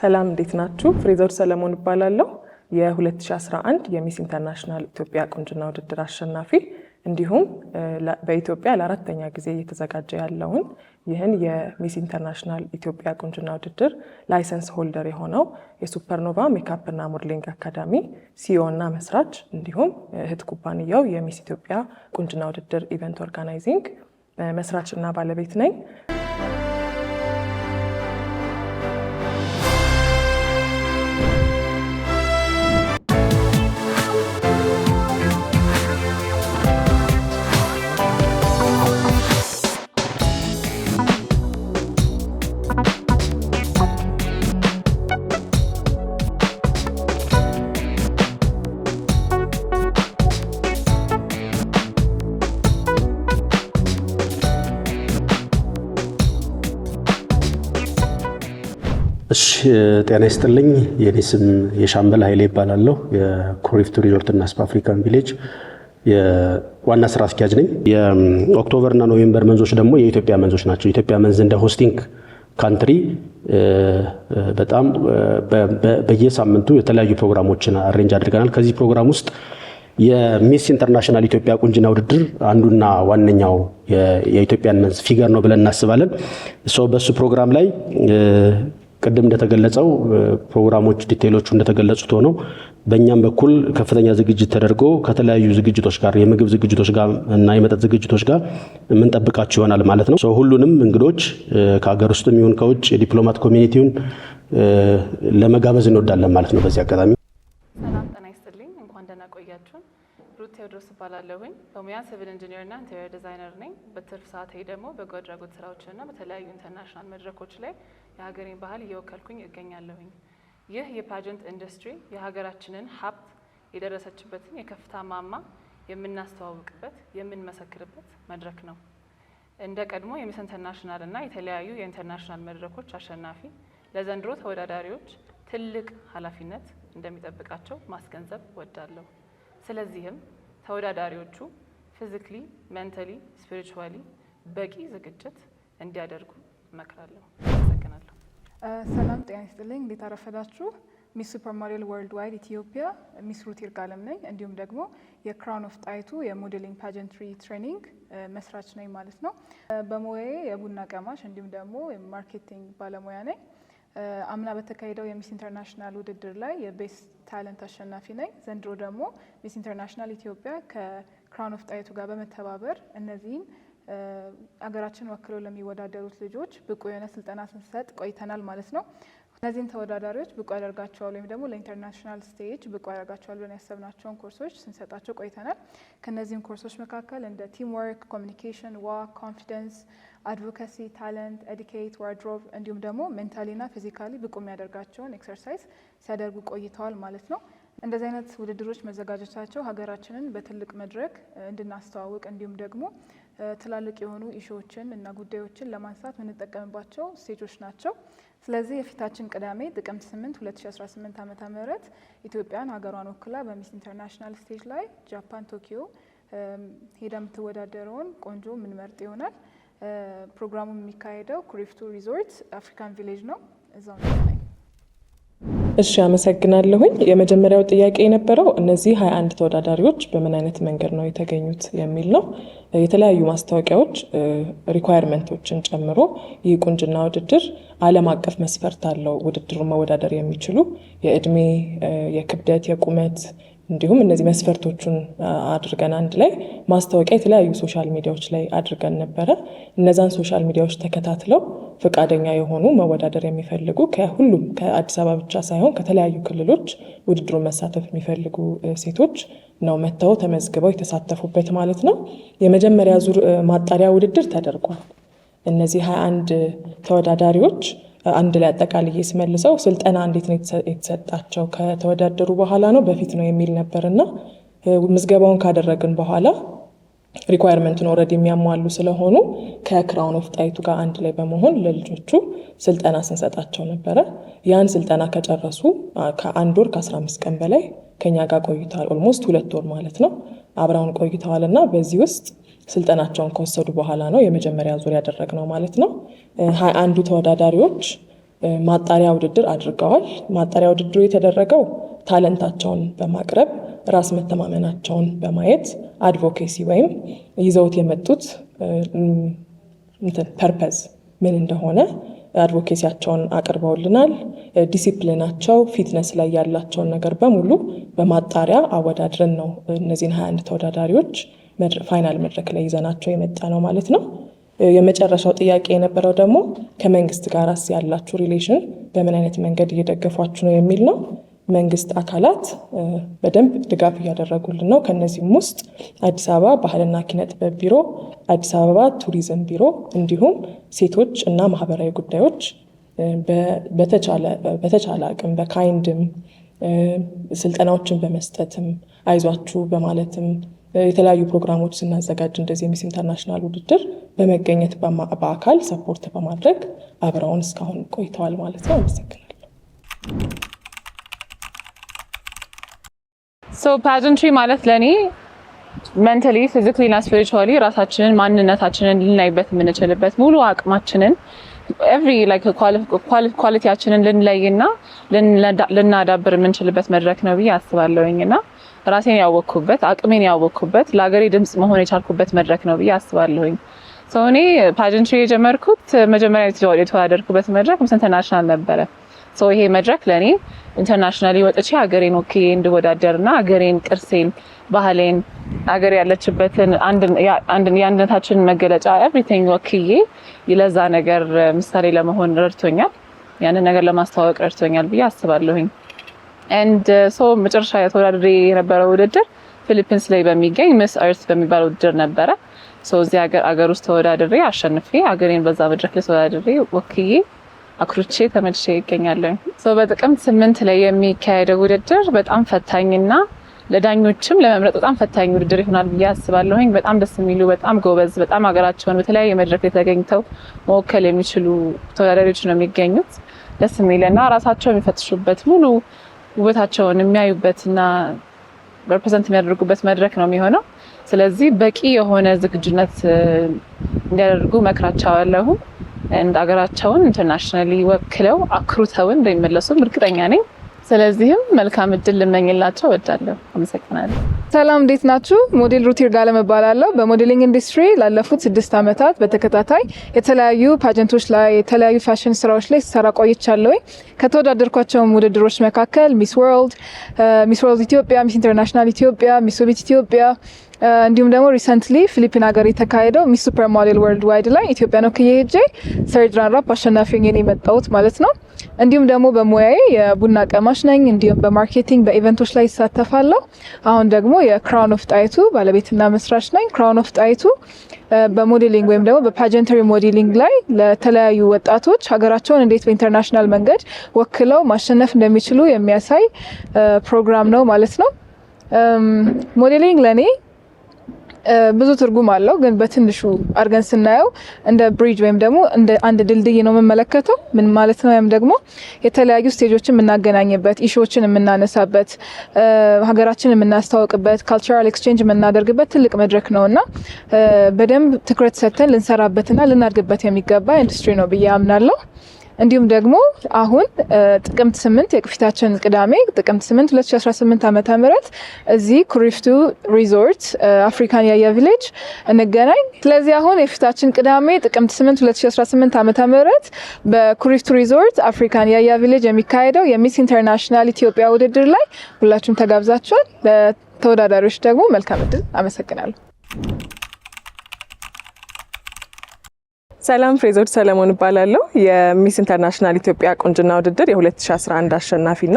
ሰላም እንዴት ናችሁ? ፍሬዘር ሰለሞን እባላለሁ። የ2011 የሚስ ኢንተርናሽናል ኢትዮጵያ ቁንጅና ውድድር አሸናፊ እንዲሁም በኢትዮጵያ ለአራተኛ ጊዜ እየተዘጋጀ ያለውን ይህን የሚስ ኢንተርናሽናል ኢትዮጵያ ቁንጅና ውድድር ላይሰንስ ሆልደር የሆነው የሱፐርኖቫ ሜካፕና ሞድሊንግ አካዳሚ ሲዮና እና መስራች እንዲሁም እህት ኩባንያው የሚስ ኢትዮጵያ ቁንጅና ውድድር ኢቨንት ኦርጋናይዚንግ መስራችና ባለቤት ነኝ። ጤና ይስጥልኝ። የኔ ስም የሻምበል ኃይሌ ይባላለሁ። የኮሪፍቱ ሪዞርትና ስፓ አፍሪካን ቪሌጅ ዋና ስራ አስኪያጅ ነኝ። የኦክቶበርና ኖቬምበር መንዞች ደግሞ የኢትዮጵያ መንዞች ናቸው። ኢትዮጵያ መንዝ እንደ ሆስቲንግ ካንትሪ በጣም በየሳምንቱ የተለያዩ ፕሮግራሞችን አሬንጅ አድርገናል። ከዚህ ፕሮግራም ውስጥ የሚስ ኢንተርናሽናል ኢትዮጵያ ቁንጅና ውድድር አንዱና ዋነኛው የኢትዮጵያን መንዝ ፊገር ነው ብለን እናስባለን። በሱ ፕሮግራም ላይ ቅድም እንደተገለጸው ፕሮግራሞች ዲቴይሎቹ እንደተገለጹት ሆነው በእኛም በኩል ከፍተኛ ዝግጅት ተደርጎ ከተለያዩ ዝግጅቶች ጋር የምግብ ዝግጅቶች ጋር እና የመጠጥ ዝግጅቶች ጋር የምንጠብቃቸው ይሆናል ማለት ነው። ሁሉንም እንግዶች ከሀገር ውስጥም ይሁን ከውጭ የዲፕሎማት ኮሚኒቲውን ለመጋበዝ እንወዳለን ማለት ነው። በዚህ አጋጣሚ ሰላም ጤና ይስጥልኝ። እንኳን ደህና ቆያችሁን። ሩት ቴዎድሮስ እባላለሁኝ። በሙያ ሲቪል ኢንጂነርና ኢንቴሪየር ዲዛይነር ነኝ። በትርፍ ሰዓቴ ደግሞ በጎ አድራጎት ስራዎችና በተለያዩ ኢንተርናሽናል መድረኮች ላይ የሀገሬን ባህል እየወከልኩኝ እገኛለሁኝ። ይህ የፓጀንት ኢንዱስትሪ የሀገራችንን ሀብት የደረሰችበትን የከፍታ ማማ የምናስተዋውቅበት የምንመሰክርበት መድረክ ነው። እንደ ቀድሞ የሚስ ኢንተርናሽናል እና የተለያዩ የኢንተርናሽናል መድረኮች አሸናፊ ለዘንድሮ ተወዳዳሪዎች ትልቅ ኃላፊነት እንደሚጠብቃቸው ማስገንዘብ ወዳለሁ። ስለዚህም ተወዳዳሪዎቹ ፊዚክሊ፣ ሜንታሊ፣ ስፒሪቹዋሊ በቂ ዝግጅት እንዲያደርጉ እመክራለሁ። ሰላም ጤና ይስጥልኝ። እንዴት አረፈዳችሁ? ሚስ ሱፐር ሞዴል ወርልድ ዋይድ ኢትዮጵያ ሚስ ሩት ይርጋለም ነኝ። እንዲሁም ደግሞ የክራውን ኦፍ ጣይቱ የሞዴሊንግ ፓጀንትሪ ትሬኒንግ መስራች ነኝ ማለት ነው። በሙያዬ የቡና ቀማሽ እንዲሁም ደግሞ የማርኬቲንግ ባለሙያ ነኝ። አምና በተካሄደው የሚስ ኢንተርናሽናል ውድድር ላይ የቤስት ታለንት አሸናፊ ነኝ። ዘንድሮ ደግሞ ሚስ ኢንተርናሽናል ኢትዮጵያ ከክራውን ኦፍ ጣይቱ ጋር በመተባበር እነዚህን አገራችን ወክለው ለሚወዳደሩት ልጆች ብቁ የሆነ ስልጠና ስንሰጥ ቆይተናል ማለት ነው። እነዚህን ተወዳዳሪዎች ብቁ ያደርጋቸዋል ወይም ደግሞ ለኢንተርናሽናል ስቴጅ ብቁ ያደርጋቸዋል ብለን ያሰብናቸውን ኮርሶች ስንሰጣቸው ቆይተናል። ከእነዚህም ኮርሶች መካከል እንደ ቲም ወርክ፣ ኮሚኒኬሽን፣ ዋ፣ ኮንፊደንስ፣ አድቮካሲ፣ ታለንት፣ ኤዲኬት፣ ዋርድሮብ እንዲሁም ደግሞ ሜንታሊና ፊዚካሊ ብቁ የሚያደርጋቸውን ኤክሰርሳይዝ ሲያደርጉ ቆይተዋል ማለት ነው። እንደዚህ አይነት ውድድሮች መዘጋጀታቸው ሀገራችንን በትልቅ መድረክ እንድናስተዋውቅ እንዲሁም ደግሞ ትላልቅ የሆኑ ኢሹዎችን እና ጉዳዮችን ለማንሳት የምንጠቀምባቸው ስቴጆች ናቸው። ስለዚህ የፊታችን ቅዳሜ ጥቅምት 8 2018 ዓ ም ኢትዮጵያን ሀገሯን ወክላ በሚስ ኢንተርናሽናል ስቴጅ ላይ ጃፓን ቶኪዮ ሄዳ የምትወዳደረውን ቆንጆ የምንመርጥ ይሆናል። ፕሮግራሙ የሚካሄደው ኩሪፍቱ ሪዞርት አፍሪካን ቪሌጅ ነው። እዛው ነው። እሺ አመሰግናለሁኝ። የመጀመሪያው ጥያቄ የነበረው እነዚህ 21 ተወዳዳሪዎች በምን አይነት መንገድ ነው የተገኙት የሚል ነው። የተለያዩ ማስታወቂያዎች ሪኳየርመንቶችን ጨምሮ ይህ ቁንጅና ውድድር ዓለም አቀፍ መስፈርት አለው። ውድድሩን መወዳደር የሚችሉ የእድሜ፣ የክብደት፣ የቁመት እንዲሁም እነዚህ መስፈርቶቹን አድርገን አንድ ላይ ማስታወቂያ የተለያዩ ሶሻል ሚዲያዎች ላይ አድርገን ነበረ። እነዛን ሶሻል ሚዲያዎች ተከታትለው ፈቃደኛ የሆኑ መወዳደር የሚፈልጉ ከሁሉም ከአዲስ አበባ ብቻ ሳይሆን ከተለያዩ ክልሎች ውድድሩን መሳተፍ የሚፈልጉ ሴቶች ነው መጥተው ተመዝግበው የተሳተፉበት ማለት ነው። የመጀመሪያ ዙር ማጣሪያ ውድድር ተደርጓል። እነዚህ 21 ተወዳዳሪዎች አንድ ላይ አጠቃልዬ ስመልሰው ስልጠና እንዴት ነው የተሰጣቸው? ከተወዳደሩ በኋላ ነው በፊት ነው የሚል ነበር እና ምዝገባውን ካደረግን በኋላ ሪኳየርመንቱን ኦልሬዲ የሚያሟሉ ስለሆኑ ከክራውን ኦፍ ጣይቱ ጋር አንድ ላይ በመሆን ለልጆቹ ስልጠና ስንሰጣቸው ነበረ። ያን ስልጠና ከጨረሱ ከአንድ ወር ከአስራ አምስት ቀን በላይ ከኛ ጋር ቆይተዋል። ኦልሞስት ሁለት ወር ማለት ነው አብረውን ቆይተዋል እና በዚህ ውስጥ ስልጠናቸውን ከወሰዱ በኋላ ነው የመጀመሪያ ዙር ያደረግነው ማለት ነው። ሀያ አንዱ ተወዳዳሪዎች ማጣሪያ ውድድር አድርገዋል። ማጣሪያ ውድድሩ የተደረገው ታለንታቸውን በማቅረብ ራስ መተማመናቸውን በማየት አድቮኬሲ ወይም ይዘውት የመጡት ፐርፐዝ ምን እንደሆነ አድቮኬሲያቸውን አቅርበውልናል። ዲሲፕሊናቸው፣ ፊትነስ ላይ ያላቸውን ነገር በሙሉ በማጣሪያ አወዳድረን ነው እነዚህን 21 ተወዳዳሪዎች ፋይናል መድረክ ላይ ይዘናቸው የመጣ ነው ማለት ነው። የመጨረሻው ጥያቄ የነበረው ደግሞ ከመንግስት ጋርስ ያላችሁ ሪሌሽን በምን አይነት መንገድ እየደገፏችሁ ነው የሚል ነው። መንግስት አካላት በደንብ ድጋፍ እያደረጉልን ነው። ከነዚህም ውስጥ አዲስ አበባ ባህልና ኪነጥበብ ቢሮ፣ አዲስ አበባ ቱሪዝም ቢሮ እንዲሁም ሴቶች እና ማህበራዊ ጉዳዮች በተቻለ አቅም በካይንድም ስልጠናዎችን በመስጠትም አይዟችሁ በማለትም የተለያዩ ፕሮግራሞች ስናዘጋጅ እንደዚህ የሚስ ኢንተርናሽናል ውድድር በመገኘት በአካል ሰፖርት በማድረግ አብረውን እስካሁን ቆይተዋል ማለት ነው። አመሰግናለሁ። ፓጀንትሪ ማለት ለእኔ ሜንታሊ ፊዚካሊና ስፒሪቹዋሊ ራሳችንን ማንነታችንን ልናይበት የምንችልበት ሙሉ አቅማችንን ኤቭሪ ላይክ ኳሊቲያችንን ልንለይና ልናዳብር የምንችልበት መድረክ ነው ብዬ አስባለሁኝ እና ራሴን ያወቅኩበት አቅሜን ያወቅኩበት ለሀገሬ ድምፅ መሆን የቻልኩበት መድረክ ነው ብዬ አስባለሁኝ። ሰው እኔ ፓጀንትሪ የጀመርኩት መጀመሪያ የተወዳደርኩበት መድረክ ምስ ኢንተርናሽናል ነበረ። ሰው ይሄ መድረክ ለእኔ ኢንተርናሽናል ወጥቼ ሀገሬን ወክዬ እንድወዳደርና ሀገሬን ቅርሴን ባህሌን አገር ያለችበትን የአንድነታችንን መገለጫ ኤቭሪቲንግ ወክዬ ለዛ ነገር ምሳሌ ለመሆን ረድቶኛል። ያንን ነገር ለማስተዋወቅ ረድቶኛል ብዬ አስባለሁኝ። ኤንድ ሶ uh, መጨረሻ ተወዳድሬ የነበረው ውድድር ፊሊፒንስ ላይ በሚገኝ ምስ እርት በሚባል ውድድር ነበረ። እዚህ አገር ውስጥ ተወዳድሬ አሸንፌ አገሬን በዛ መድረክ ላይ ተወዳድሬ ወክዬ አኩርቼ ተመልሼ ይገኛለሁ። በጥቅምት ስምንት ላይ የሚካሄደው ውድድር በጣም ፈታኝና ለዳኞችም ለመምረጥ በጣም ፈታኝ ውድድር ይሆናል ብዬ አስባለሁኝ። በጣም ደስ የሚሉ በጣም ጎበዝ፣ በጣም ሀገራቸውን በተለያየ መድረክ ላይ ተገኝተው መወከል የሚችሉ ተወዳዳሪዎች ነው የሚገኙት። ደስ የሚልና ራሳቸው የሚፈትሹበት ሙሉ ውበታቸውን የሚያዩበትና ሪፕሬዘንት የሚያደርጉበት መድረክ ነው የሚሆነው። ስለዚህ በቂ የሆነ ዝግጁነት እንዲያደርጉ መክራቸዋለሁ። እንደ ሀገራቸውን ኢንተርናሽናሊ ወክለው አክሩተውን እንደሚመለሱም እርግጠኛ ነኝ። ስለዚህም መልካም እድል ልመኝላቸው እወዳለሁ። አመሰግናለሁ። ሰላም እንዴት ናችሁ? ሞዴል ሩት ይርጋለም እባላለሁ። በሞዴሊንግ ኢንዱስትሪ ላለፉት ስድስት ዓመታት በተከታታይ የተለያዩ ፓጀንቶች ላይ የተለያዩ ፋሽን ስራዎች ላይ ሰራ ቆይቻለሁኝ። ከተወዳደርኳቸውም ውድድሮች መካከል ሚስ ወርልድ፣ ሚስ ወርልድ ኢትዮጵያ፣ ሚስ ኢንተርናሽናል ኢትዮጵያ፣ ሚስ ሶቪት ኢትዮጵያ እንዲሁም ደግሞ ሪሰንትሊ ፊሊፒን ሀገር የተካሄደው ሚስ ሱፐር ሞዴል ወርልድ ዋይድ ላይ ኢትዮጵያ ነው ከየሄጄ ሰርድ ራንራፕ አሸናፊ ሆኜ የመጣሁት ማለት ነው። እንዲሁም ደግሞ በሙያዬ የቡና ቀማሽ ነኝ። እንዲሁም በማርኬቲንግ በኢቨንቶች ላይ ይሳተፋለሁ። አሁን ደግሞ የክራውን ኦፍ ጣይቱ ባለቤትና መስራች ነኝ። ክራውን ኦፍ ጣይቱ በሞዴሊንግ ወይም ደግሞ በፓጀንተሪ ሞዴሊንግ ላይ ለተለያዩ ወጣቶች ሀገራቸውን እንዴት በኢንተርናሽናል መንገድ ወክለው ማሸነፍ እንደሚችሉ የሚያሳይ ፕሮግራም ነው ማለት ነው። ሞዴሊንግ ለእኔ ብዙ ትርጉም አለው፣ ግን በትንሹ አድርገን ስናየው እንደ ብሪጅ ወይም ደግሞ እንደ አንድ ድልድይ ነው የምመለከተው። ምን ማለት ነው? ወይም ደግሞ የተለያዩ ስቴጆችን የምናገናኝበት፣ ኢሾዎችን የምናነሳበት፣ ሀገራችንን የምናስተዋውቅበት፣ ካልቸራል ኤክስቼንጅ የምናደርግበት ትልቅ መድረክ ነው እና በደንብ ትኩረት ሰጥተን ልንሰራበትና ልናድግበት የሚገባ ኢንዱስትሪ ነው ብዬ አምናለሁ። እንዲሁም ደግሞ አሁን ጥቅምት ስምንት የፊታችን ቅዳሜ ጥቅምት ስምንት 2018 ዓመተ ምህረት እዚህ ኩሪፍቱ ሪዞርት አፍሪካን ያያ ቪሌጅ እንገናኝ። ስለዚህ አሁን የፊታችን ቅዳሜ ጥቅምት ስምንት 2018 ዓመተ ምህረት በኩሪፍቱ ሪዞርት አፍሪካን ያያ ቪሌጅ የሚካሄደው የሚስ ኢንተርናሽናል ኢትዮጵያ ውድድር ላይ ሁላችሁም ተጋብዛችኋል። ለተወዳዳሪዎች ደግሞ መልካም እድል። አመሰግናለሁ። ሰላም ፍሬዞች ሰለሞን እባላለሁ። የሚስ ኢንተርናሽናል ኢትዮጵያ ቁንጅና ውድድር የ2011 አሸናፊና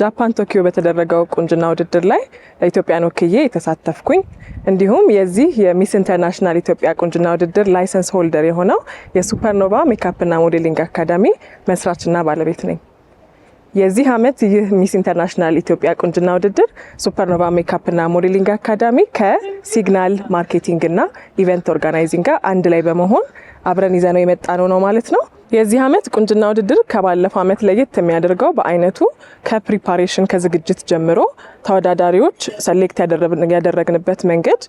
ጃፓን ቶኪዮ በተደረገው ቁንጅና ውድድር ላይ ኢትዮጵያን ወክዬ የተሳተፍኩኝ እንዲሁም የዚህ የሚስ ኢንተርናሽናል ኢትዮጵያ ቁንጅና ውድድር ላይሰንስ ሆልደር የሆነው የሱፐርኖቫ ሜካፕና ሞዴሊንግ አካዳሚ መስራችና ባለቤት ነኝ። የዚህ ዓመት ይህ ሚስ ኢንተርናሽናል ኢትዮጵያ ቁንጅና ውድድር ሱፐርኖቫ ሜካፕና ሞዴሊንግ አካዳሚ ከሲግናል ማርኬቲንግና ኢቨንት ኦርጋናይዚንግ ጋር አንድ ላይ በመሆን አብረን ይዘነው የመጣነው ነው ማለት ነው። የዚህ አመት ቁንጅና ውድድር ከባለፈው ዓመት ለየት የሚያደርገው በአይነቱ ከፕሪፓሬሽን ከዝግጅት ጀምሮ ተወዳዳሪዎች ሰሌክት ያደረግንበት መንገድ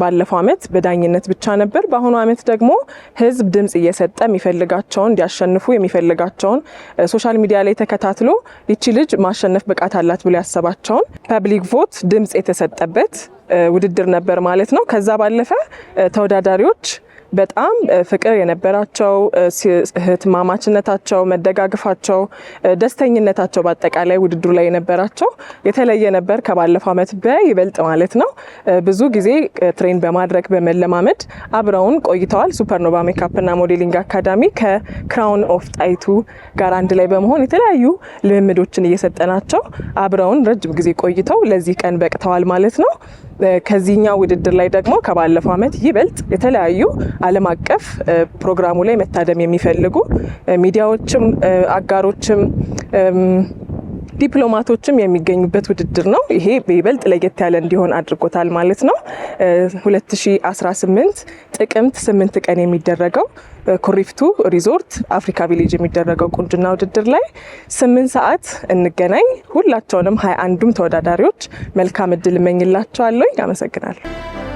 ባለፈው ዓመት በዳኝነት ብቻ ነበር። በአሁኑ አመት ደግሞ ህዝብ ድምጽ እየሰጠ የሚፈልጋቸውን እንዲያሸንፉ የሚፈልጋቸውን ሶሻል ሚዲያ ላይ ተከታትሎ ይቺ ልጅ ማሸነፍ ብቃት አላት ብሎ ያሰባቸውን ፐብሊክ ቮት ድምጽ የተሰጠበት ውድድር ነበር ማለት ነው። ከዛ ባለፈ ተወዳዳሪዎች በጣም ፍቅር የነበራቸው እህትማማችነታቸው፣ መደጋገፋቸው፣ ደስተኝነታቸው በአጠቃላይ ውድድሩ ላይ የነበራቸው የተለየ ነበር ከባለፈው ዓመት በይበልጥ ማለት ነው። ብዙ ጊዜ ትሬን በማድረግ በመለማመድ አብረውን ቆይተዋል። ሱፐርኖቫ ሜካፕና ሞዴሊንግ አካዳሚ ከክራውን ኦፍ ጣይቱ ጋር አንድ ላይ በመሆን የተለያዩ ልምምዶችን እየሰጠናቸው አብረውን ረጅም ጊዜ ቆይተው ለዚህ ቀን በቅተዋል ማለት ነው። ከዚህኛው ውድድር ላይ ደግሞ ከባለፈው ዓመት ይበልጥ የተለያዩ ዓለም አቀፍ ፕሮግራሙ ላይ መታደም የሚፈልጉ ሚዲያዎችም አጋሮችም ዲፕሎማቶችም የሚገኙበት ውድድር ነው። ይሄ በይበልጥ ለየት ያለ እንዲሆን አድርጎታል ማለት ነው። 2018 ጥቅምት 8 ቀን የሚደረገው ኩሪፍቱ ሪዞርት አፍሪካ ቪሌጅ የሚደረገው ቁንጅና ውድድር ላይ ስምንት ሰዓት እንገናኝ። ሁላቸውንም ሀያ አንዱም ተወዳዳሪዎች መልካም እድል እመኝላቸዋለሁ። አመሰግናለሁ።